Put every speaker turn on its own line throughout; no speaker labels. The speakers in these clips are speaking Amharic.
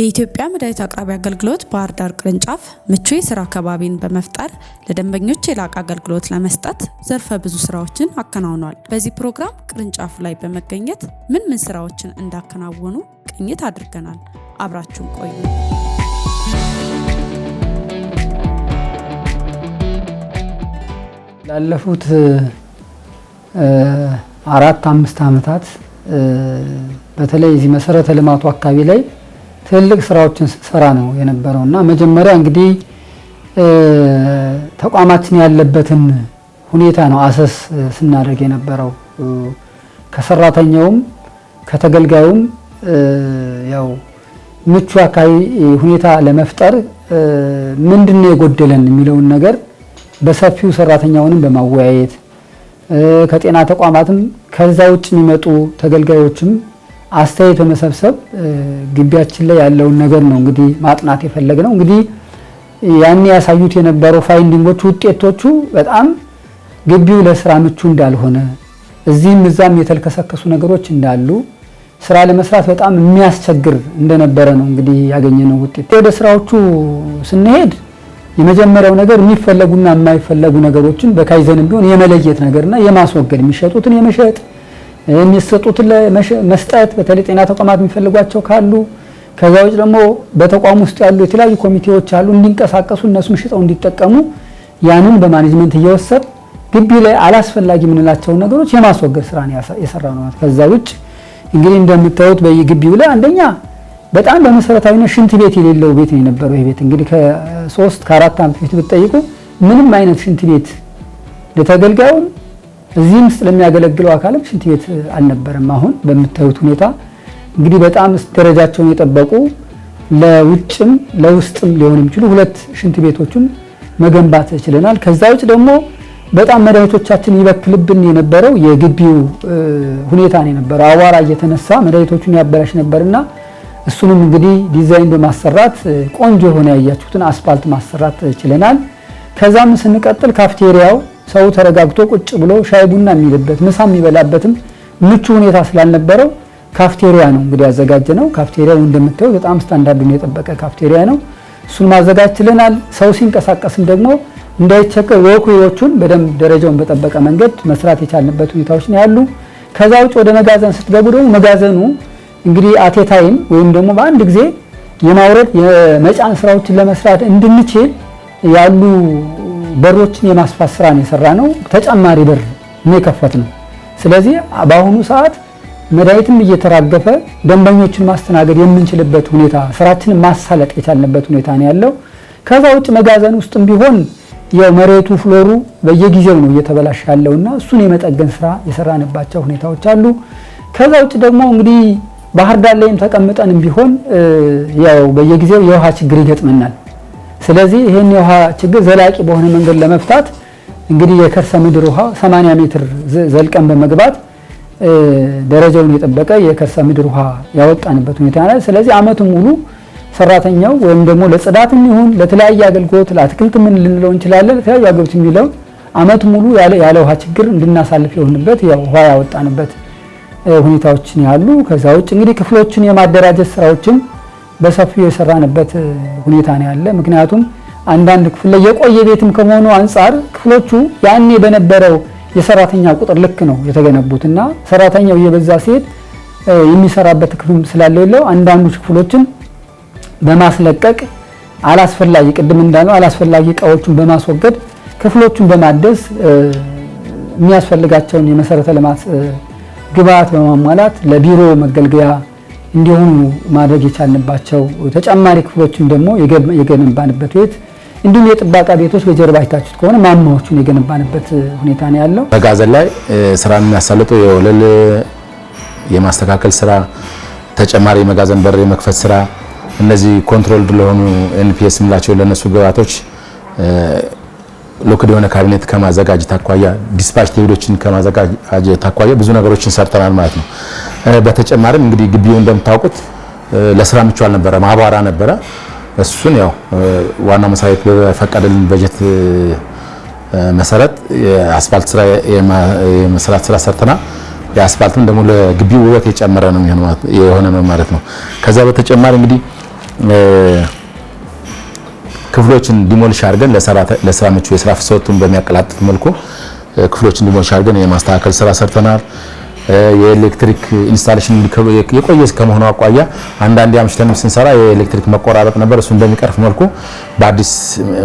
የኢትዮጵያ መድኃኒት አቅራቢ አገልግሎት ባህር ዳር ቅርንጫፍ ምቹ የስራ አካባቢን በመፍጠር ለደንበኞች የላቀ አገልግሎት ለመስጠት ዘርፈ ብዙ ስራዎችን አከናውኗል። በዚህ ፕሮግራም ቅርንጫፉ ላይ በመገኘት ምን ምን ስራዎችን እንዳከናወኑ ቅኝት አድርገናል። አብራችሁን ቆዩ።
ላለፉት አራት አምስት ዓመታት በተለይ እዚህ መሰረተ ልማቱ አካባቢ ላይ ትልልቅ ስራዎችን ስሰራ ነው የነበረው እና መጀመሪያ እንግዲህ ተቋማችን ያለበትን ሁኔታ ነው አሰስ ስናደርግ የነበረው ከሰራተኛውም ከተገልጋዩም ያው ምቹ አካባቢ ሁኔታ ለመፍጠር ምንድን ነው የጎደለን የሚለውን ነገር በሰፊው ሰራተኛውንም በማወያየት ከጤና ተቋማትም ከዛ ውጭ የሚመጡ ተገልጋዮችም አስተያየት በመሰብሰብ ግቢያችን ላይ ያለውን ነገር ነው እንግዲህ ማጥናት የፈለግ ነው። እንግዲህ ያኔ ያሳዩት የነበረው ፋይንዲንጎቹ ውጤቶቹ በጣም ግቢው ለስራ ምቹ እንዳልሆነ፣ እዚህም እዛም የተልከሰከሱ ነገሮች እንዳሉ፣ ስራ ለመስራት በጣም የሚያስቸግር እንደነበረ ነው እንግዲህ ያገኘነው ውጤት። ወደ ስራዎቹ ስንሄድ የመጀመሪያው ነገር የሚፈለጉና የማይፈለጉ ነገሮችን በካይዘን ቢሆን የመለየት ነገርና የማስወገድ የሚሸጡትን የመሸጥ የሚሰጡትን ለመስጠት በተለይ ጤና ተቋማት የሚፈልጓቸው ካሉ ከዛ ውጭ ደግሞ በተቋም ውስጥ ያሉ የተለያዩ ኮሚቴዎች አሉ እንዲንቀሳቀሱ እነሱም ሽጠው እንዲጠቀሙ ያንን በማኔጅመንት እየወሰድ ግቢ ላይ አላስፈላጊ የምንላቸውን ነገሮች የማስወገድ ስራ የሰራ ነው። ከዛ ውጭ እንግዲህ እንደምታዩት በየግቢው ላይ አንደኛ በጣም በመሰረታዊነት ሽንት ቤት የሌለው ቤት ነው የነበረው። ይህ ቤት እንግዲህ ከሶስት ከአራት ዓመት ፊት ብትጠይቁ ምንም አይነት ሽንት ቤት ለተገልጋዩም እዚህም ስለሚያገለግለው አካልም ሽንት ቤት አልነበረም። አሁን በምታዩት ሁኔታ እንግዲህ በጣም ደረጃቸውን የጠበቁ ለውጭም ለውስጥም ሊሆን የሚችሉ ሁለት ሽንት ቤቶችን መገንባት ችለናል። ከዛ ውጭ ደግሞ በጣም መድኃኒቶቻችን ይበክልብን የነበረው የግቢው ሁኔታ ነው የነበረው። አቧራ እየተነሳ መድኃኒቶቹን ያበላሽ ነበርና እሱንም እንግዲህ ዲዛይን በማሰራት ቆንጆ የሆነ ያያችሁትን አስፋልት ማሰራት ችለናል። ከዛም ስንቀጥል ካፍቴሪያው ሰው ተረጋግቶ ቁጭ ብሎ ሻይ ቡና የሚልበት ምሳ የሚበላበትም ምቹ ሁኔታ ስላልነበረው ካፍቴሪያ ነው እንግዲህ ያዘጋጀ ነው። ካፍቴሪያው እንደምታየው በጣም ስታንዳርዱን የጠበቀ ካፍቴሪያ ነው። እሱን ማዘጋጅ ሰው ሲንቀሳቀስም ደግሞ እንዳይቸገር ወኩዎቹን በደንብ ደረጃውን በጠበቀ መንገድ መስራት የቻልንበት ሁኔታዎች ነው ያሉ። ከዛ ውጭ ወደ መጋዘን ስትገቡ ደግሞ መጋዘኑ እንግዲህ አቴታይም ወይም ደግሞ በአንድ ጊዜ የማውረድ የመጫን ስራዎችን ለመስራት እንድንችል ያሉ በሮችን የማስፋት ነው የሰራ ነው። ተጨማሪ በር ነው የከፈት ነው። ስለዚህ በአሁኑ ሰዓት መድኃኒትም እየተራገፈ ደንበኞችን ማስተናገድ የምንችልበት ሁኔታ፣ ስራችን ማሳለጥ የቻልንበት ሁኔታ ነው ያለው። ከዛ ውጭ መጋዘን ውስጥም ቢሆን የመሬቱ ፍሎሩ በየጊዜው ነው እየተበላሸ ያለው እና እሱን የመጠገን ስራ የሰራንባቸው ሁኔታዎች አሉ። ከዛ ውጭ ደግሞ እንግዲህ ባህር ዳር ላይም ተቀምጠንም ቢሆን ያው በየጊዜው የውሃ ችግር ይገጥመናል። ስለዚህ ይህን የውሃ ችግር ዘላቂ በሆነ መንገድ ለመፍታት እንግዲህ የከርሰ ምድር ውሃ 80 ሜትር ዘልቀን በመግባት ደረጃውን የጠበቀ የከርሰ ምድር ውሃ ያወጣንበት ሁኔታ ነ ስለዚህ አመቱ ሙሉ ሰራተኛው ወይም ደግሞ ለጽዳትም ይሁን ለተለያየ አገልግሎት ለአትክልት ምን ልንለው እንችላለን ለተለያዩ አገልግሎት የሚለው አመቱ ሙሉ ያለ ውሃ ችግር እንድናሳልፍ የሆንበት ውሃ ያወጣንበት ሁኔታዎችን ያሉ። ከዛ ውጭ እንግዲህ ክፍሎችን የማደራጀት ስራዎችን በሰፊው የሰራንበት ሁኔታ ነው ያለ። ምክንያቱም አንዳንድ ክፍል ላይ የቆየ ቤትም ከመሆኑ አንጻር ክፍሎቹ ያኔ በነበረው የሰራተኛ ቁጥር ልክ ነው የተገነቡት እና ሰራተኛው እየበዛ ሲሄድ የሚሰራበት ክፍል ስላሌለው አንዳንዱ ክፍሎችን በማስለቀቅ አላስፈላጊ ቅድም እንዳለው አላስፈላጊ እቃዎቹን በማስወገድ ክፍሎቹን በማደስ የሚያስፈልጋቸውን የመሰረተ ልማት ግብዓት በማሟላት ለቢሮ መገልገያ እንዲሆኑ ማድረግ የቻልንባቸው ተጨማሪ ክፍሎችን ደግሞ የገነባንበት ቤት እንዲሁም የጥበቃ ቤቶች በጀርባ አይታችሁት ከሆነ ማማዎቹን የገነባንበት ሁኔታ ነው ያለው።
መጋዘን ላይ ስራ የሚያሳልጠው የወለል የማስተካከል ስራ፣ ተጨማሪ የመጋዘን በር የመክፈት ስራ፣ እነዚህ ኮንትሮል ለሆኑ ኤንፒኤስ ምላቸው ለነሱ ግባቶች ሎክድ የሆነ ካቢኔት ከማዘጋጀት አኳያ ዲስፓች ቴብሎችን ከማዘጋጀት አኳያ ብዙ ነገሮችን ሰርተናል ማለት ነው። በተጨማሪም እንግዲህ ግቢው እንደምታውቁት ለስራ ምቹ አልነበረም፣ አቧራ ነበረ። እሱን ያው ዋናው መስሪያ ቤት በፈቀደልን በጀት መሰረት የአስፋልት ስራ የመስራት ስራ ሰርተናል። የአስፋልትም ደግሞ ለግቢው ውበት የጨመረ ነው የሆነ ነው ማለት ነው። ከዛ በተጨማሪ እንግዲህ ክፍሎችን ዲሞልሽ አድርገን ለስራ ምቹ የስራ ፍሰቱን በሚያቀላጥፍ መልኩ ክፍሎችን ዲሞልሽ አድርገን የማስተካከል ስራ ሰርተናል። የኤሌክትሪክ ኢንስታሌሽን የቆየ ከመሆኑ አቋያ አንዳንዴ አምሽተንም ስንሰራ የኤሌክትሪክ መቆራረጥ ነበር። እሱ እንደሚቀርፍ መልኩ በአዲስ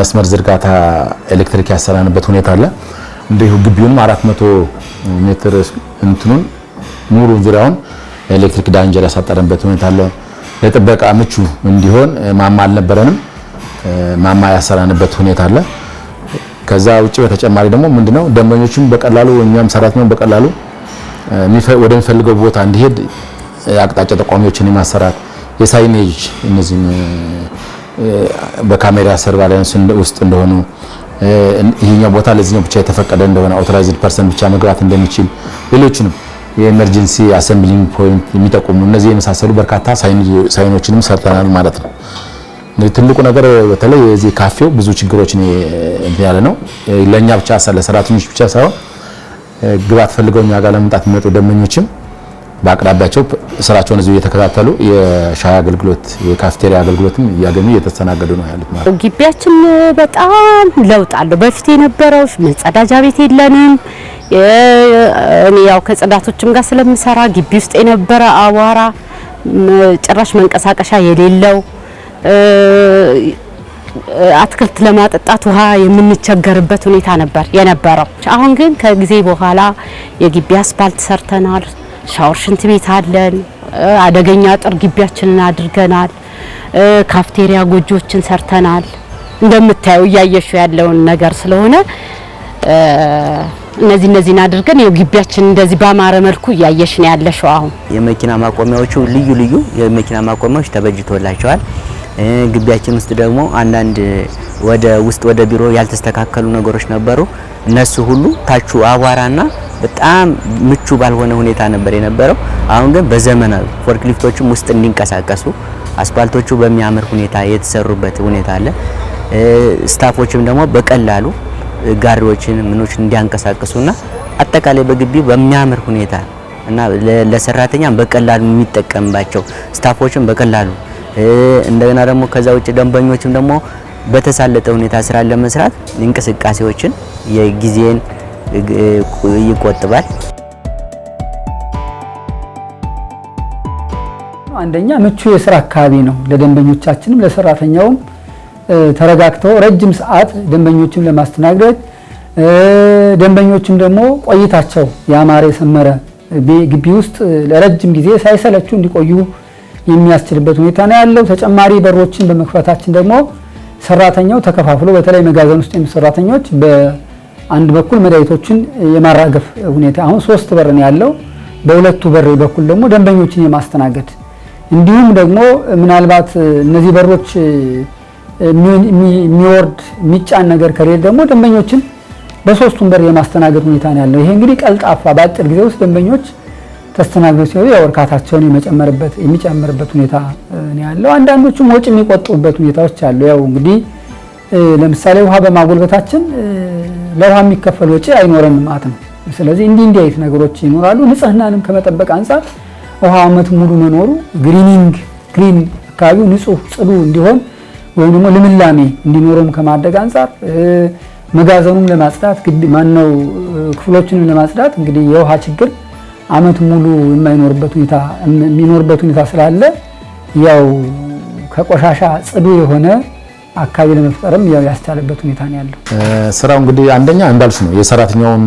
መስመር ዝርጋታ ኤሌክትሪክ ያሰራንበት ሁኔታ አለ። እንዲሁ ግቢውንም 400 ሜትር እንትኑን ሙሉ ዙሪያውን ኤሌክትሪክ ዳንጀር ያሳጠረንበት ሁኔታ አለ። ለጥበቃ ምቹ እንዲሆን ማማ አልነበረንም። ማማ ያሰራንበት ሁኔታ አለ። ከዛ ውጭ በተጨማሪ ደግሞ ምንድነው ደንበኞቹም በቀላሉ እኛም ሰራተኛ በቀላሉ ወደሚፈልገው ቦታ እንዲሄድ አቅጣጫ ጠቋሚዎችን የማሰራት የሳይኔጅ እነዚህም በካሜራ ሰርቫላንስ ውስጥ እንደሆኑ ይህኛው ቦታ ለዚህኛው ብቻ የተፈቀደ እንደሆነ አውቶራይዝድ ፐርሰን ብቻ መግባት እንደሚችል ሌሎችንም የኤመርጀንሲ አሰምብሊንግ ፖይንት የሚጠቁሙ እነዚህ የመሳሰሉ በርካታ ሳይኖችንም ሰርተናል ማለት ነው። እንግዲህ ትልቁ ነገር በተለይ የዚህ ካፌው ብዙ ችግሮችን ያለ ነው። ለእኛ ብቻ ለሰራተኞች ብቻ ሳይሆን ግባት ፈልገው እኛ ጋር ለመምጣት የሚመጡ ደመኞችም በአቅራቢያቸው ስራቸውን እዚሁ እየተከታተሉ የሻይ አገልግሎት የካፍቴሪያ አገልግሎትም እያገኙ እየተስተናገዱ ነው ያሉት።
ማለት ግቢያችን በጣም ለውጥ አለው። በፊት የነበረው መጸዳጃ ቤት የለንም። እኔ ያው ከጽዳቶችም ጋር ስለምሰራ ግቢ ውስጥ የነበረ አቧራ ጭራሽ መንቀሳቀሻ የሌለው አትክልት ለማጠጣት ውሃ የምንቸገርበት ሁኔታ ነበር የነበረው። አሁን ግን ከጊዜ በኋላ የግቢ አስፓልት ሰርተናል። ሻወር፣ ሽንት ቤት አለን። አደገኛ አጥር ግቢያችንን አድርገናል። ካፍቴሪያ ጎጆችን ሰርተናል። እንደምታየው እያየሹ ያለውን ነገር ስለሆነ እነዚህ እነዚህን አድርገን ግቢያችን እንደዚህ በአማረ መልኩ እያየሽ ነው ያለሽው። አሁን
የመኪና ማቆሚያዎቹ ልዩ ልዩ የመኪና ማቆሚያዎች ተበጅቶላቸዋል። ግቢያችን ውስጥ ደግሞ አንዳንድ ወደ ውስጥ ወደ ቢሮ ያልተስተካከሉ ነገሮች ነበሩ። እነሱ ሁሉ ታቹ አቧራና በጣም ምቹ ባልሆነ ሁኔታ ነበር የነበረው። አሁን ግን በዘመናዊ ፎርክሊፍቶችም ውስጥ እንዲንቀሳቀሱ አስፓልቶቹ በሚያምር ሁኔታ የተሰሩበት ሁኔታ አለ። ስታፎችም ደግሞ በቀላሉ ጋሪዎችን ምኖች እንዲያንቀሳቅሱና አጠቃላይ በግቢ በሚያምር ሁኔታ እና ለሰራተኛ በቀላሉ የሚጠቀምባቸው ስታፎችን በቀላሉ እንደገና ደግሞ ከዛ ውጭ ደንበኞችም ደግሞ በተሳለጠ ሁኔታ ስራ ለመስራት እንቅስቃሴዎችን የጊዜን ይቆጥባል።
አንደኛ ምቹ የስራ አካባቢ ነው ለደንበኞቻችንም ለሰራተኛውም ተረጋግተው ረጅም ሰዓት ደንበኞችን ለማስተናገድ ደንበኞችም ደግሞ ቆይታቸው ያማረ የሰመረ ግቢ ውስጥ ለረጅም ጊዜ ሳይሰለቹ እንዲቆዩ የሚያስችልበት ሁኔታ ነው ያለው። ተጨማሪ በሮችን በመክፈታችን ደግሞ ሰራተኛው ተከፋፍሎ በተለይ መጋዘን ውስጥ የሚሰሩ ሰራተኞች በአንድ በኩል መድኃኒቶችን የማራገፍ ሁኔታ አሁን ሶስት በር ነው ያለው። በሁለቱ በር በኩል ደግሞ ደንበኞችን የማስተናገድ እንዲሁም ደግሞ ምናልባት እነዚህ በሮች የሚወርድ የሚጫን ነገር ከሌለ ደግሞ ደንበኞችን በሶስቱም በር የማስተናገድ ሁኔታ ነው ያለው። ይሄ እንግዲህ ቀልጣፋ በአጭር ጊዜ ውስጥ ደንበኞች ተስተናግዶ ሲሄዱ ያው እርካታቸውን የመጨመርበት የሚጨምርበት ሁኔታ ነው ያለው። አንዳንዶቹም ወጪ የሚቆጥቡበት ሁኔታዎች አሉ። ያው እንግዲህ ለምሳሌ ውሃ በማጎልበታችን ለውሃ የሚከፈል ወጪ አይኖረንም ማለት ነው። ስለዚህ እንዲህ እንዲህ አይነት ነገሮች ይኖራሉ። ንጽህናንም ከመጠበቅ አንጻር ውሃ አመት ሙሉ መኖሩ ግሪኒንግ ግሪን አካባቢው ንጹህ ጽዱ እንዲሆን ወይም ደግሞ ልምላሜ እንዲኖረውም ከማድረግ አንጻር መጋዘኑም ለማጽዳት ማነው ክፍሎችንም ለማጽዳት እንግዲህ የውሃ ችግር አመት ሙሉ የማይኖርበት ሁኔታ የሚኖርበት ሁኔታ ስላለ ያው ከቆሻሻ ጽዱ የሆነ አካባቢ ለመፍጠርም ያው ያስቻለበት ሁኔታ ነው ያለው።
ስራው እንግዲህ አንደኛ እንዳልሽ ነው የሰራተኛውን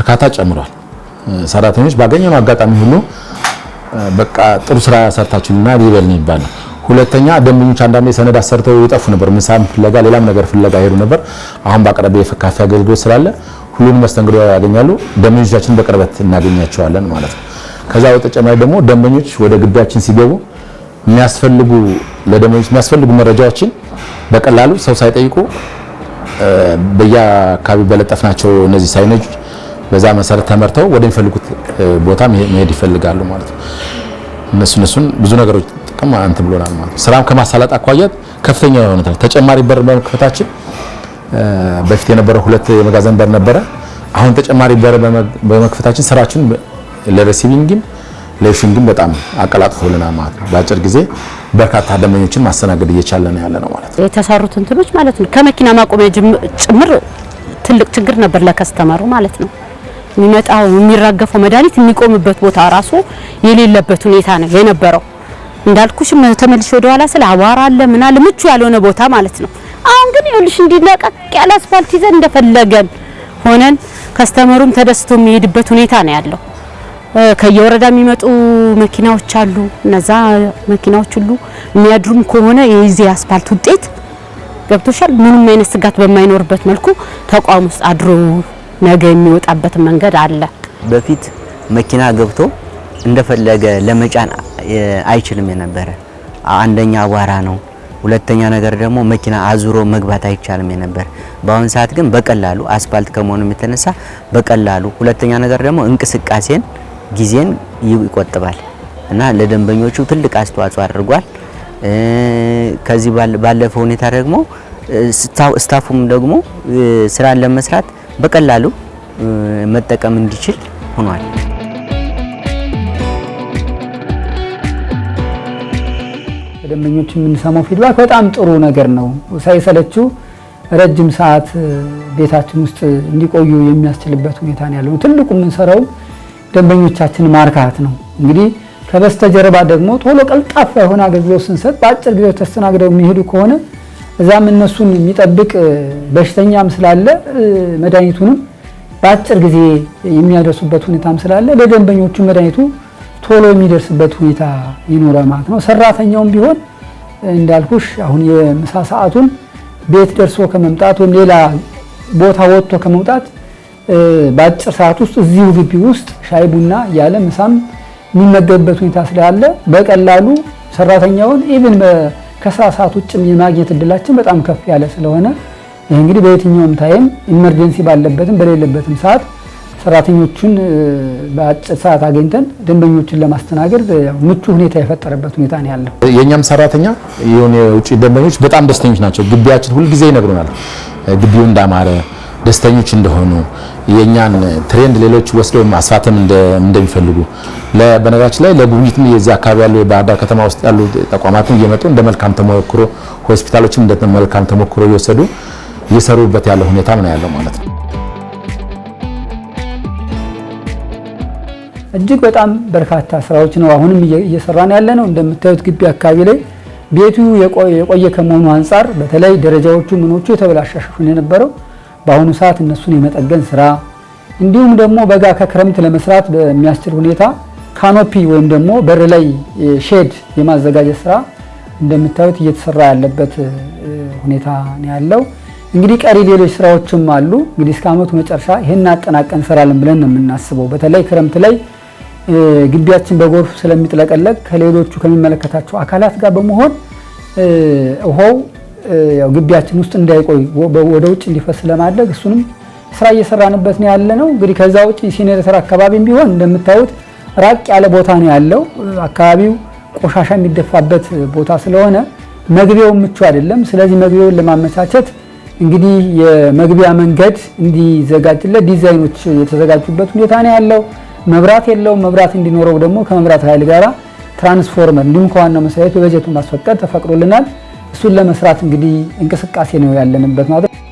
እርካታ ጨምሯል። ሰራተኞች ባገኘነው አጋጣሚ ሁሉ በቃ ጥሩ ስራ ሰርታችሁና ሊበል ነው ይባላል። ሁለተኛ ደንበኞች አንዳንዴ ሰነድ አሰርተው ይጠፉ ነበር። ምሳም ፍለጋ ሌላም ነገር ፍለጋ ሄዱ ነበር። አሁን በአቅራቢያ የካፌ አገልግሎት ስላለ ሁሉንም መስተንግዶ ያገኛሉ። ደንበኞቻችን በቅርበት እናገኛቸዋለን ማለት ነው። ከዛ በተጨማሪ ደግሞ ደንበኞች ወደ ግቢያችን ሲገቡ የሚያስፈልጉ ለደንበኞች የሚያስፈልጉ መረጃዎችን በቀላሉ ሰው ሳይጠይቁ በየአካባቢ በለጠፍናቸው እነዚህ ሳይነጅ በዛ መሰረት ተመርተው ወደሚፈልጉት ቦታ መሄድ ይፈልጋሉ ማለት ነው። እነሱ እነሱን ብዙ ነገሮች ጥቅም አንተ ብሎናል ማለት ነው። ስራም ከማሳለጥ አኳያ ከፍተኛ የሆነ ተጨማሪ በር በመክፈታችን በፊት የነበረው ሁለት የመጋዘን በር ነበረ። አሁን ተጨማሪ በር በመክፈታችን ስራችን ለሬሲቪንግም ለሽንግም በጣም አቀላጥፎልና ማለት ነው። በአጭር ጊዜ በርካታ ደንበኞችን ማስተናገድ እየቻለ ነው ያለ ነው ማለት
ነው። የተሰሩት እንትኖች ማለት ነው ከመኪና ማቆሚያ ጭምር ትልቅ ችግር ነበር ለከስተመሩ ማለት ነው። የሚመጣው የሚራገፈው መድኃኒት የሚቆምበት ቦታ ራሱ የሌለበት ሁኔታ ነው የነበረው። እንዳልኩሽ ተመልሼ ወደ ኋላ ስለ አቧራ አለ ምናለ ምቹ ያልሆነ ቦታ ማለት ነው። አሁን ግን ይኸውልሽ እንዲለቀቅ ያለ አስፋልት ይዘን እንደፈለገን ሆነን ከስተመሩም ተደስቶ የሚሄድበት ሁኔታ ነው ያለው። ከየወረዳ የሚመጡ መኪናዎች አሉ። እነዛ መኪናዎች ሁሉ የሚያድሩም ከሆነ የዚህ አስፋልት ውጤት ገብቶሻል። ምንም አይነት ስጋት በማይኖርበት መልኩ ተቋም ውስጥ አድሮ ነገ የሚወጣበት መንገድ አለ።
በፊት መኪና ገብቶ እንደፈለገ ለመጫን አይችልም የነበረ አንደኛ አቧራ ነው ሁለተኛ ነገር ደግሞ መኪና አዙሮ መግባት አይቻልም የነበር። በአሁን ሰዓት ግን በቀላሉ አስፋልት ከመሆኑ የተነሳ በቀላሉ ሁለተኛ ነገር ደግሞ እንቅስቃሴን፣ ጊዜን ይቆጥባል እና ለደንበኞቹ ትልቅ አስተዋጽኦ አድርጓል። ከዚህ ባለፈ ሁኔታ ደግሞ ስታፉም ደግሞ ስራን ለመስራት በቀላሉ መጠቀም እንዲችል ሆኗል።
ከደንበኞች የምንሰማው ፊድባክ በጣም ጥሩ ነገር ነው። ሳይሰለችው ረጅም ሰዓት ቤታችን ውስጥ እንዲቆዩ የሚያስችልበት ሁኔታ ነው ያለው። ትልቁ የምንሰራው ደንበኞቻችን ማርካት ነው። እንግዲህ ከበስተጀርባ ደግሞ ቶሎ ቀልጣፋ የሆነ አገልግሎት ስንሰጥ በአጭር ጊዜ ተስተናግደው የሚሄዱ ከሆነ እዛም እነሱን የሚጠብቅ በሽተኛም ስላለ መድኃኒቱንም በአጭር ጊዜ የሚያደርሱበት ሁኔታም ስላለ ለደንበኞቹ መድኃኒቱ ቶሎ የሚደርስበት ሁኔታ ይኖራል ማለት ነው። ሰራተኛውም ቢሆን እንዳልኩሽ አሁን የምሳ ሰዓቱን ቤት ደርሶ ከመምጣት ወይም ሌላ ቦታ ወጥቶ ከመምጣት በአጭር ሰዓት ውስጥ እዚሁ ግቢ ውስጥ ሻይ ቡና ያለ ምሳም የሚመገብበት ሁኔታ ስላለ በቀላሉ ሰራተኛውን ኢቭን ከስራ ሰዓት ውጭም የማግኘት እድላችን በጣም ከፍ ያለ ስለሆነ ይህ እንግዲህ በየትኛውም ታይም ኢመርጀንሲ ባለበትም በሌለበትም ሰዓት ሰራተኞቹን በአጭር ሰዓት አገኝተን ደንበኞችን ለማስተናገድ ምቹ ሁኔታ የፈጠረበት ሁኔታ ነው ያለው።
የእኛም ሰራተኛ የሆነ የውጭ ደንበኞች በጣም ደስተኞች ናቸው። ግቢያችን ሁልጊዜ ይነግሩናል፣ ግቢው እንዳማረ ደስተኞች እንደሆኑ የእኛን ትሬንድ ሌሎች ወስደው ማስፋትም እንደሚፈልጉ በነገራችን ላይ ለጉብኝትም የዚህ አካባቢ ያሉ የባህር ዳር ከተማ ውስጥ ያሉ ተቋማትም እየመጡ እንደ መልካም ተሞክሮ ሆስፒታሎችም እንደ መልካም ተሞክሮ እየወሰዱ እየሰሩበት ያለ ሁኔታም ነው ያለው ማለት ነው።
እጅግ በጣም በርካታ ስራዎች ነው አሁንም እየሰራን ያለ ነው። እንደምታዩት ግቢ አካባቢ ላይ ቤቱ የቆየ ከመሆኑ አንጻር በተለይ ደረጃዎቹ ምኖቹ የተበላሻሹን የነበረው በአሁኑ ሰዓት እነሱን የመጠገን ስራ እንዲሁም ደግሞ በጋ ከክረምት ለመስራት በሚያስችል ሁኔታ ካኖፒ ወይም ደግሞ በር ላይ ሼድ የማዘጋጀት ስራ እንደምታዩት እየተሰራ ያለበት ሁኔታ ነው ያለው። እንግዲህ ቀሪ ሌሎች ስራዎችም አሉ። እንግዲህ እስከ ዓመቱ መጨረሻ ይህን አጠናቀን እንሰራለን ብለን ነው የምናስበው። በተለይ ክረምት ላይ ግቢያችን በጎርፍ ስለሚጥለቀለቅ ከሌሎቹ ከሚመለከታቸው አካላት ጋር በመሆን ውሃው ግቢያችን ውስጥ እንዳይቆይ ወደ ውጭ እንዲፈስ ለማድረግ እሱንም ስራ እየሰራንበት ነው ያለ ነው። እንግዲህ ከዛ ውጭ ሲኔተር አካባቢም ቢሆን እንደምታዩት ራቅ ያለ ቦታ ነው ያለው። አካባቢው ቆሻሻ የሚደፋበት ቦታ ስለሆነ መግቢያው ምቹ አይደለም። ስለዚህ መግቢያውን ለማመቻቸት እንግዲህ የመግቢያ መንገድ እንዲዘጋጅለት ዲዛይኖች የተዘጋጁበት ሁኔታ ነው ያለው። መብራት የለውም። መብራት እንዲኖረው ደግሞ ከመብራት ኃይል ጋር ትራንስፎርመር እንዲሁም ከዋናው መስሪያ ቤት በጀቱን ማስፈቀድ ተፈቅዶልናል። እሱን ለመስራት እንግዲህ እንቅስቃሴ ነው ያለንበት ማለት